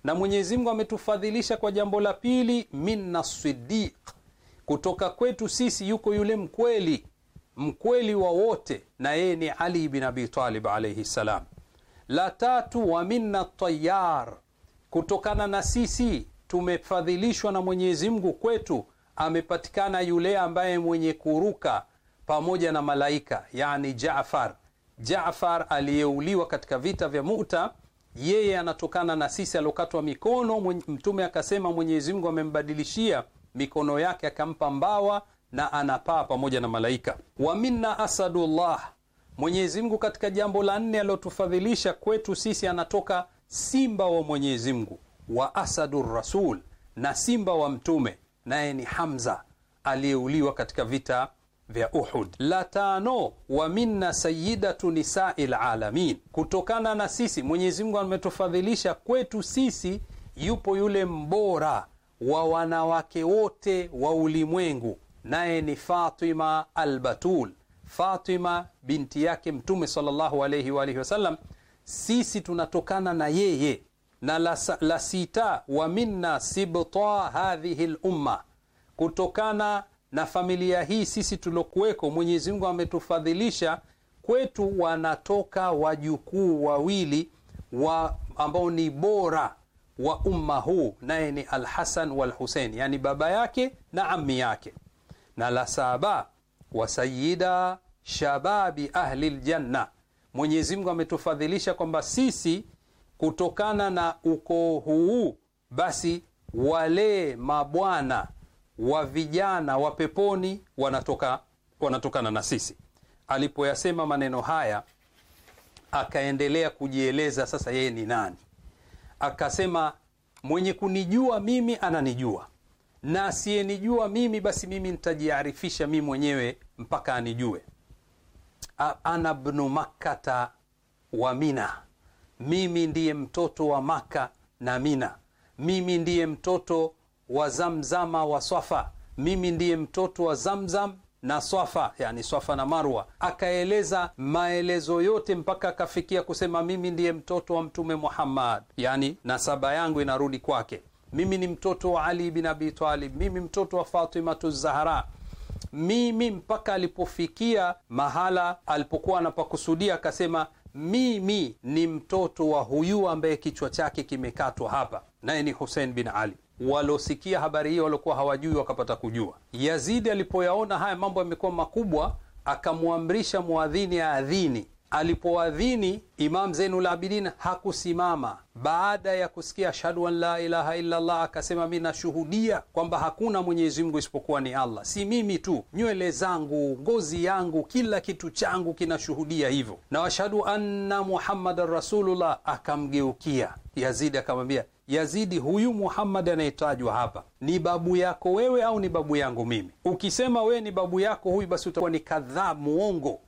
na Mwenyezi Mungu ametufadhilisha kwa jambo la pili, minna sidiq, kutoka kwetu sisi yuko yule mkweli, mkweli wa wote, na yeye ni Ali bin Abi Talib alayhi salam. La tatu, wa minna tayar, kutokana na sisi tumefadhilishwa na Mwenyezi Mungu, kwetu amepatikana yule ambaye mwenye kuruka pamoja na malaika, yani Jaafar, Jaafar aliyeuliwa katika vita vya Mu'ta yeye anatokana na sisi aliokatwa mikono. Mtume akasema Mwenyezi Mungu amembadilishia mikono yake akampa mbawa na anapaa pamoja na malaika. Wa minna asadullah, Mwenyezi Mungu katika jambo la nne alilotufadhilisha kwetu sisi anatoka simba wa Mwenyezi Mungu, wa asadur rasul, na simba wa mtume naye ni Hamza aliyeuliwa katika vita vya Uhud. La tano, wa minna sayyidatu nisai lalamin, kutokana na sisi Mwenyezi Mungu ametufadhilisha kwetu sisi yupo yule mbora wa wanawake wote wa ulimwengu, naye ni Fatima Albatul, Fatima binti yake Mtume sallallahu alayhi wa alihi wasallam. Sisi tunatokana na yeye. Na la, la sita, wa minna sibta hadhihi lumma, kutokana na familia hii sisi tuliokuweko, Mwenyezimungu ametufadhilisha kwetu, wanatoka wajukuu wawili wa ambao ni bora wa umma huu, naye ni Alhasan walhusein, yani baba yake na ami yake. Na la saba sayida shababi ahli ljanna, mwenyezimngu ametufadhilisha kwamba sisi kutokana na ukoo huu basi wale mabwana wa vijana wa peponi wanatoka wanatokana na sisi. Alipoyasema maneno haya, akaendelea kujieleza sasa yeye ni nani. Akasema, mwenye kunijua mimi ananijua, na asiyenijua mimi basi mimi nitajiarifisha mimi mwenyewe mpaka anijue. Ana bnu makkata wa Mina, mimi ndiye mtoto wa Maka na Mina, mimi ndiye mtoto wa Zamzama wa Swafa, mimi ndiye mtoto wa Zamzam na Swafa, yani Swafa na Marwa. Akaeleza maelezo yote mpaka akafikia kusema mimi ndiye mtoto wa Mtume Muhammad, yani nasaba yangu inarudi kwake. Mimi ni mtoto wa Ali bin Abi Talib, mimi mtoto wa Fatimatu Zahra, mimi mpaka alipofikia mahala alipokuwa anapakusudia, akasema mimi ni mtoto wa huyu ambaye kichwa chake kimekatwa hapa, naye ni Husein bin Ali walosikia habari hiyo waliokuwa hawajui wakapata kujua. Yazidi alipoyaona haya mambo yamekuwa makubwa, akamwamrisha mwadhini aadhini. Alipoadhini Imam Zainul Abidin hakusimama. Baada ya kusikia ashhadu an la ilaha illallah, akasema mi nashuhudia kwamba hakuna Mwenyezi Mungu isipokuwa ni Allah. Si mimi tu, nywele zangu, ngozi yangu, kila kitu changu kinashuhudia hivyo, na washhadu anna Muhammadan Rasulullah. Akamgeukia Yazidi akamwambia Yazidi huyu Muhammad anayetajwa hapa ni babu yako wewe au ni babu yangu mimi? Ukisema wewe ni babu yako huyu, basi utakuwa ni kadhaa muongo,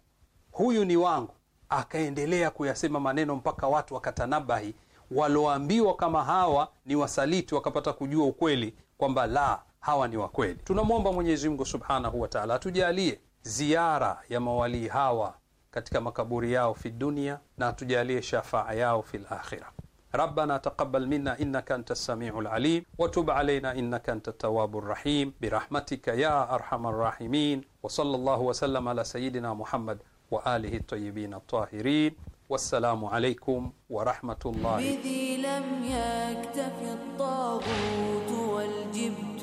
huyu ni wangu. Akaendelea kuyasema maneno mpaka watu wakatanabahi, walioambiwa kama hawa ni wasaliti wakapata kujua ukweli kwamba la, hawa ni wakweli. Tunamwomba Mwenyezi Mungu subhanahu wataala atujalie ziara ya mawalii hawa katika makaburi yao fi dunia na atujalie shafaa yao fi lakhira. ربنا تقبل منا إنك أنت السميع العليم وتب علينا إنك أنت التواب الرحيم برحمتك يا أرحم الراحمين وصلى الله وسلم على سيدنا محمد وآله الطيبين الطاهرين والسلام عليكم ورحمة الله بذي لم يكتفي الطاغوت والجبت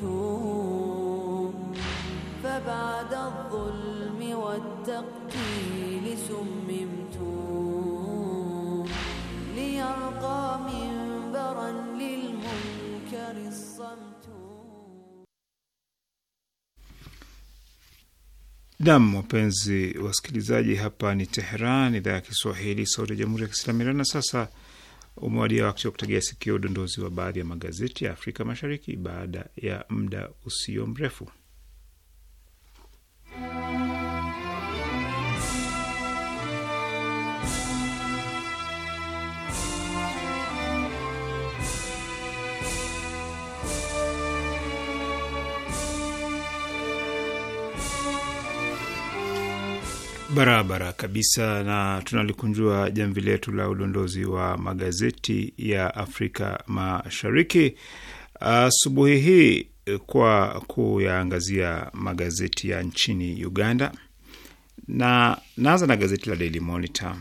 فبعد الظلم والتقتيل سممت Nam, wapenzi wasikilizaji, hapa ni Teheran, idhaa ya Kiswahili, sauti ya jamhuri ya kiislamu Iran. Na sasa umewadia wakati wa kutegea sikio udondozi wa baadhi ya magazeti ya Afrika Mashariki baada ya muda usio mrefu. Barabara kabisa, na tunalikunjua jamvi letu la udondozi wa magazeti ya Afrika Mashariki asubuhi hii kwa kuyaangazia magazeti ya nchini Uganda, na naanza na gazeti la Daily Monitor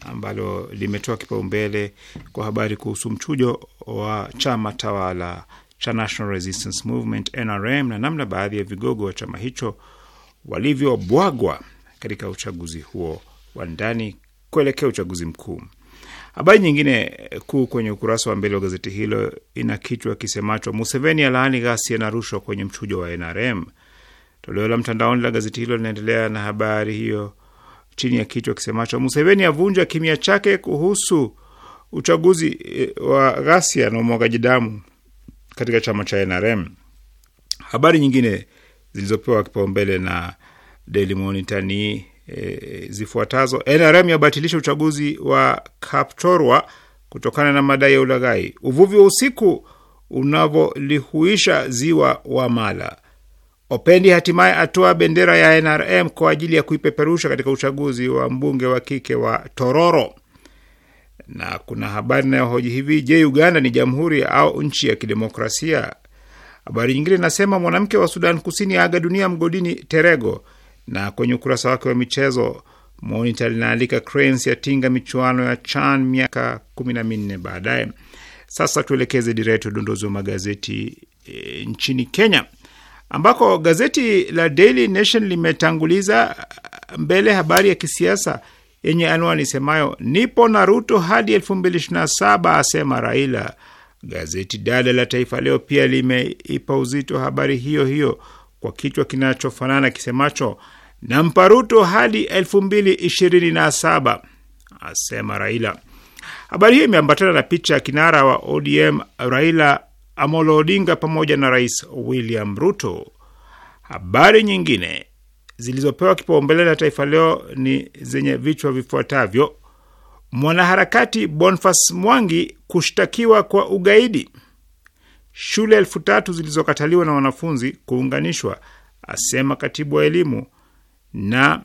ambalo limetoa kipaumbele kwa habari kuhusu mchujo wa chama tawala cha National Resistance Movement NRM na namna baadhi ya vigogo wa chama hicho walivyobwagwa katika uchaguzi huo wa ndani kuelekea uchaguzi mkuu. Habari nyingine kuu kwenye ukurasa wa mbele wa gazeti hilo ina kichwa kisemacho Museveni alaani ghasia na rushwa kwenye mchujo wa NRM. Toleo la mtandaoni la gazeti hilo linaendelea na habari hiyo chini ya kichwa kisemacho Museveni avunja kimya chake kuhusu uchaguzi eh, wa ghasia na umwagaji damu katika chama cha NRM. Habari nyingine zilizopewa kipaumbele na Daily Monitor ni e, zifuatazo: NRM yabatilisha uchaguzi wa Kaptorwa kutokana na madai ya ulaghai; uvuvi wa usiku unavyolihuisha ziwa wa Mala; Opendi hatimaye atoa bendera ya NRM kwa ajili ya kuipeperusha katika uchaguzi wa mbunge wa kike wa Tororo na kuna habari inayohoji hivi, je, Uganda ni jamhuri au nchi ya kidemokrasia? Habari nyingine inasema mwanamke wa Sudan Kusini aaga dunia mgodini Terego na kwenye ukurasa wake wa michezo Monitor linaandika Cranes yatinga michuano ya CHAN miaka kumi na minne baadaye. Sasa tuelekeze dira yetu udondozi wa magazeti e, nchini Kenya ambako gazeti la Daily Nation limetanguliza mbele habari ya kisiasa yenye anwani isemayo nipo na Ruto hadi elfu asema Raila. Gazeti dada la Taifa Leo pia limeipa uzito habari hiyo hiyo kwa kichwa kinachofanana kisemacho na mparuto hadi 227 asema Raila. Habari hiyo imeambatana na picha ya kinara wa ODM Raila Amolo Odinga pamoja na Rais William Ruto. Habari nyingine zilizopewa kipaumbele na Taifa Leo ni zenye vichwa vifuatavyo: mwanaharakati Bonfas Mwangi kushtakiwa kwa ugaidi, shule elfu tatu zilizokataliwa na wanafunzi kuunganishwa, asema katibu wa elimu, na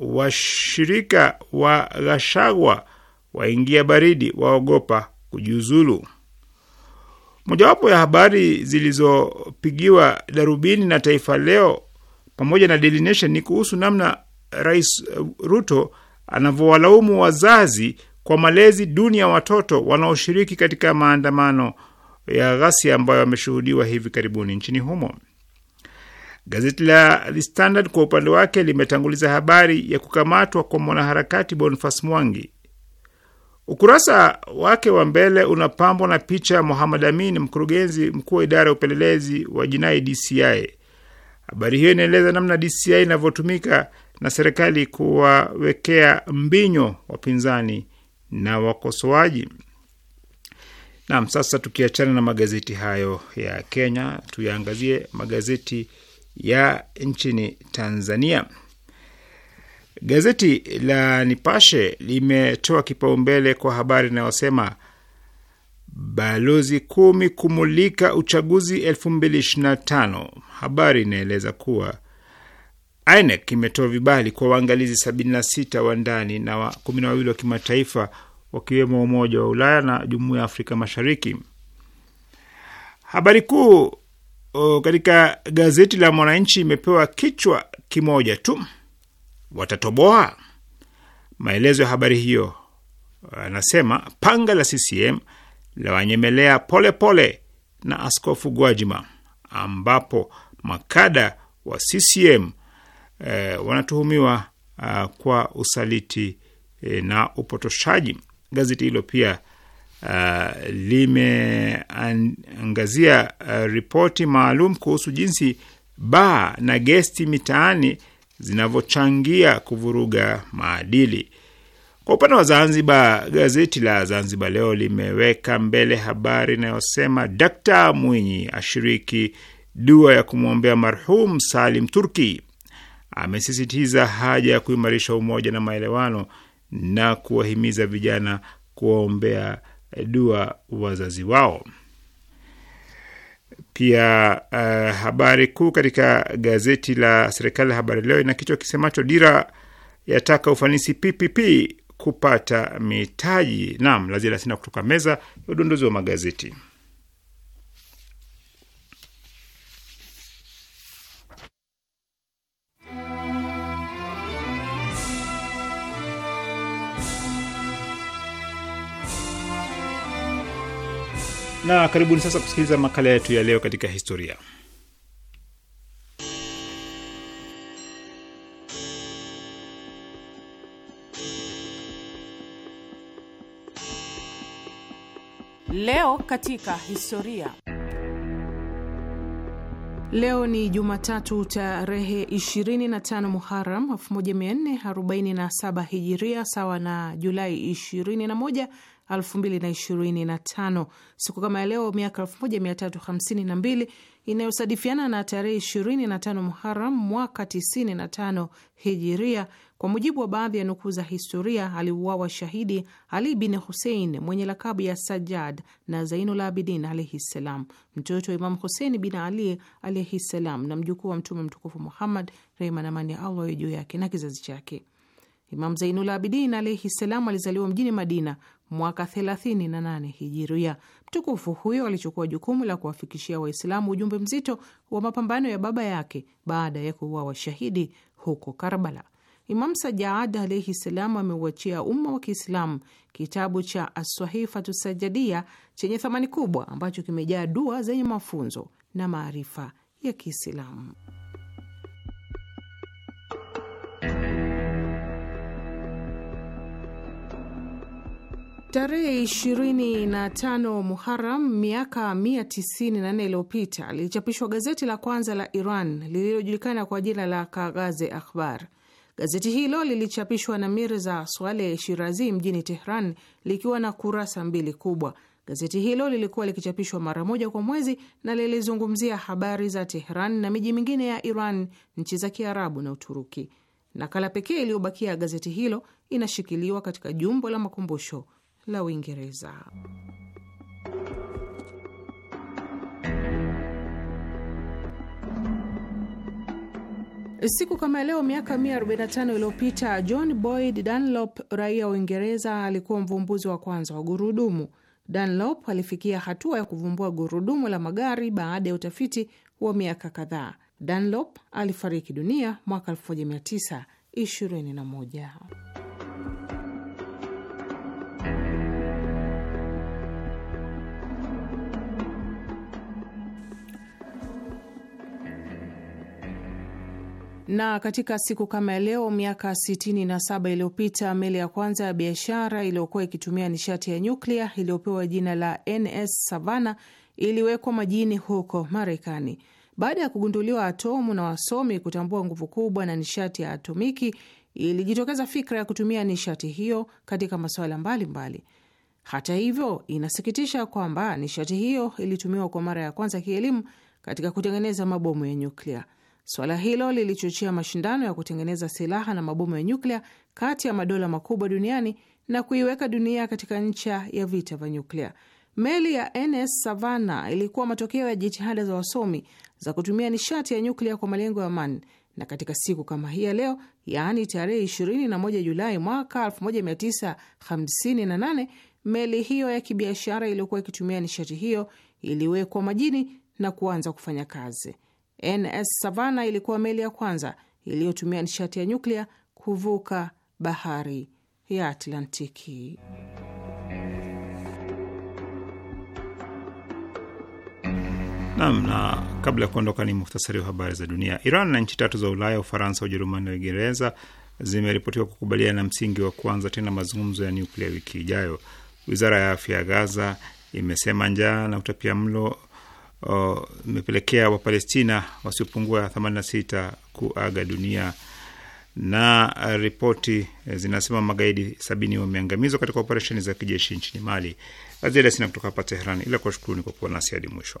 washirika wa Ghashagwa waingia baridi, waogopa kujiuzulu. Mojawapo ya habari zilizopigiwa darubini na Taifa Leo pamoja na Daily Nation ni kuhusu namna Rais Ruto anavyowalaumu wazazi kwa malezi duni ya watoto wanaoshiriki katika maandamano ya ghasia ambayo yameshuhudiwa hivi karibuni nchini humo. Gazeti la The Standard kwa upande wake limetanguliza habari ya kukamatwa kwa mwanaharakati Boniface Mwangi. Ukurasa wake wa mbele unapambwa na picha ya Muhammad Amin, mkurugenzi mkuu wa idara ya upelelezi wa jinai DCI. Habari hiyo inaeleza namna DCI inavyotumika na serikali kuwawekea mbinyo wapinzani na wakosoaji. Naam, sasa tukiachana na magazeti hayo ya Kenya, tuyaangazie magazeti ya nchini Tanzania. Gazeti la Nipashe limetoa kipaumbele kwa habari inayosema balozi kumi kumulika uchaguzi 2025. Habari inaeleza kuwa INEC imetoa vibali kwa waangalizi 76 wa ndani na wa kumi na wawili wa kimataifa wakiwemo Umoja wa Ulaya na Jumuiya ya Afrika Mashariki. Habari kuu o, katika gazeti la Mwananchi imepewa kichwa kimoja tu, watatoboa. Maelezo ya habari hiyo anasema panga la CCM la wanyemelea polepole na Askofu Gwajima, ambapo makada wa CCM eh, wanatuhumiwa eh, kwa usaliti eh, na upotoshaji. Gazeti hilo pia uh, limeangazia uh, ripoti maalum kuhusu jinsi baa na gesti mitaani zinavyochangia kuvuruga maadili. Kwa upande wa Zanzibar, gazeti la Zanzibar Leo limeweka mbele habari inayosema Dkt Mwinyi ashiriki dua ya kumwombea marhum Salim Turki. Amesisitiza haja ya kuimarisha umoja na maelewano na kuwahimiza vijana kuwaombea dua wazazi wao. Pia uh, habari kuu katika gazeti la serikali la Habari Leo ina kichwa kisemacho dira yataka ufanisi PPP kupata mitaji. Naam, la ziada sina kutoka meza ya udondozi wa magazeti. na karibuni sasa kusikiliza makala yetu ya leo katika historia. Leo katika historia. Leo ni Jumatatu tarehe 25 Muharam 1447 Hijiria, sawa na Julai 21 2025. Siku kama ya leo miaka 1352 inayosadifiana na tarehe 25 Muharam mwaka 95 Hijiria, kwa mujibu wa baadhi ya nukuu za historia, aliuawa shahidi Ali bin Husein mwenye lakabu ya Sajad na Zainul Abidin alaihi ssalam, mtoto wa Imamu Husein bin Ali alaihi ssalam, na mjukuu wa Mtume mtukufu Muhammad, rehma na amani ya Allah juu yake na kizazi chake. Imam Zainul Abidin alaihi ssalam alizaliwa mjini Madina mwaka 38 hijiria. Mtukufu huyo alichukua jukumu la kuwafikishia Waislamu ujumbe mzito wa mapambano ya baba yake baada ya kuwa washahidi huko Karbala. Imam Sajaad alaihi salam ameuachia umma wa Kiislamu kitabu cha Aswahifatu Sajadia chenye thamani kubwa ambacho kimejaa dua zenye mafunzo na maarifa ya Kiislamu. Tarehe 25 Muharam miaka 194 iliyopita lilichapishwa gazeti la kwanza la Iran lililojulikana kwa jina la kagaze Akhbar. Gazeti hilo lilichapishwa na Mirza swale Shirazi mjini Tehran likiwa na kurasa mbili kubwa. Gazeti hilo lilikuwa likichapishwa mara moja kwa mwezi na lilizungumzia habari za Tehran na miji mingine ya Iran, nchi za Kiarabu na Uturuki. Nakala pekee iliyobakia gazeti hilo inashikiliwa katika jumba la makumbusho la Uingereza. Siku kama leo miaka 145 iliyopita John Boyd Dunlop, raia wa Uingereza, alikuwa mvumbuzi wa kwanza wa gurudumu. Dunlop alifikia hatua ya kuvumbua gurudumu la magari baada ya utafiti wa miaka kadhaa. Dunlop alifariki dunia mwaka 1921. Na katika siku kama ya leo miaka 67 iliyopita meli ya kwanza ya biashara iliyokuwa ikitumia nishati ya nyuklia iliyopewa jina la NS savana iliwekwa majini huko Marekani baada ya kugunduliwa atomu na wasomi kutambua nguvu kubwa na nishati ya atomiki. Ilijitokeza fikra ya kutumia nishati hiyo katika masuala mbalimbali. Hata hivyo, inasikitisha kwamba nishati hiyo ilitumiwa kwa mara ya kwanza kielimu katika kutengeneza mabomu ya nyuklia. Suala hilo lilichochea mashindano ya kutengeneza silaha na mabomu ya nyuklia kati ya madola makubwa duniani na kuiweka dunia katika ncha ya vita vya nyuklia. Meli ya NS Savannah ilikuwa matokeo ya jitihada za wasomi za kutumia nishati ya nyuklia kwa malengo ya amani, na katika siku kama hii ya leo, yaani tarehe 21 Julai mwaka 1958, meli hiyo ya kibiashara iliyokuwa ikitumia nishati hiyo iliwekwa majini na kuanza kufanya kazi. NS Savannah ilikuwa meli ya kwanza iliyotumia nishati ya nyuklia kuvuka bahari ya Atlantiki. Nam, na kabla ya kuondoka ni muhtasari wa habari za dunia. Iran na nchi tatu za Ulaya, Ufaransa, Ujerumani na Uingereza zimeripotiwa kukubaliana msingi wa kuanza tena mazungumzo ya nuklia wiki ijayo. Wizara ya afya ya Gaza imesema njaa na utapia mlo uh, Wapalestina wasiopungua 86 kuaga dunia na ripoti eh, zinasema magaidi sabini wameangamizwa katika operesheni za kijeshi nchini Mali. La sina kutoka hapa teheran ila shukuruni kwa kuwa nasi hadi mwisho.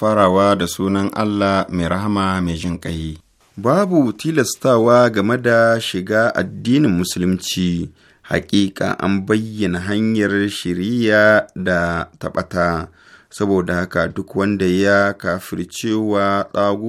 farawa da sunan Allah mai rahama mai jin ƙai. Babu tilastawa game da shiga addinin Musulunci, haƙiƙa an bayyana hanyar shiriya da taɓata, saboda haka duk wanda ya kafircewa tsago